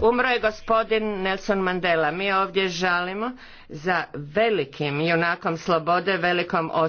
Umro je gospodin Nelson Mandela. Mi ovdje žalimo za velikim junakom slobode, velikom osobom.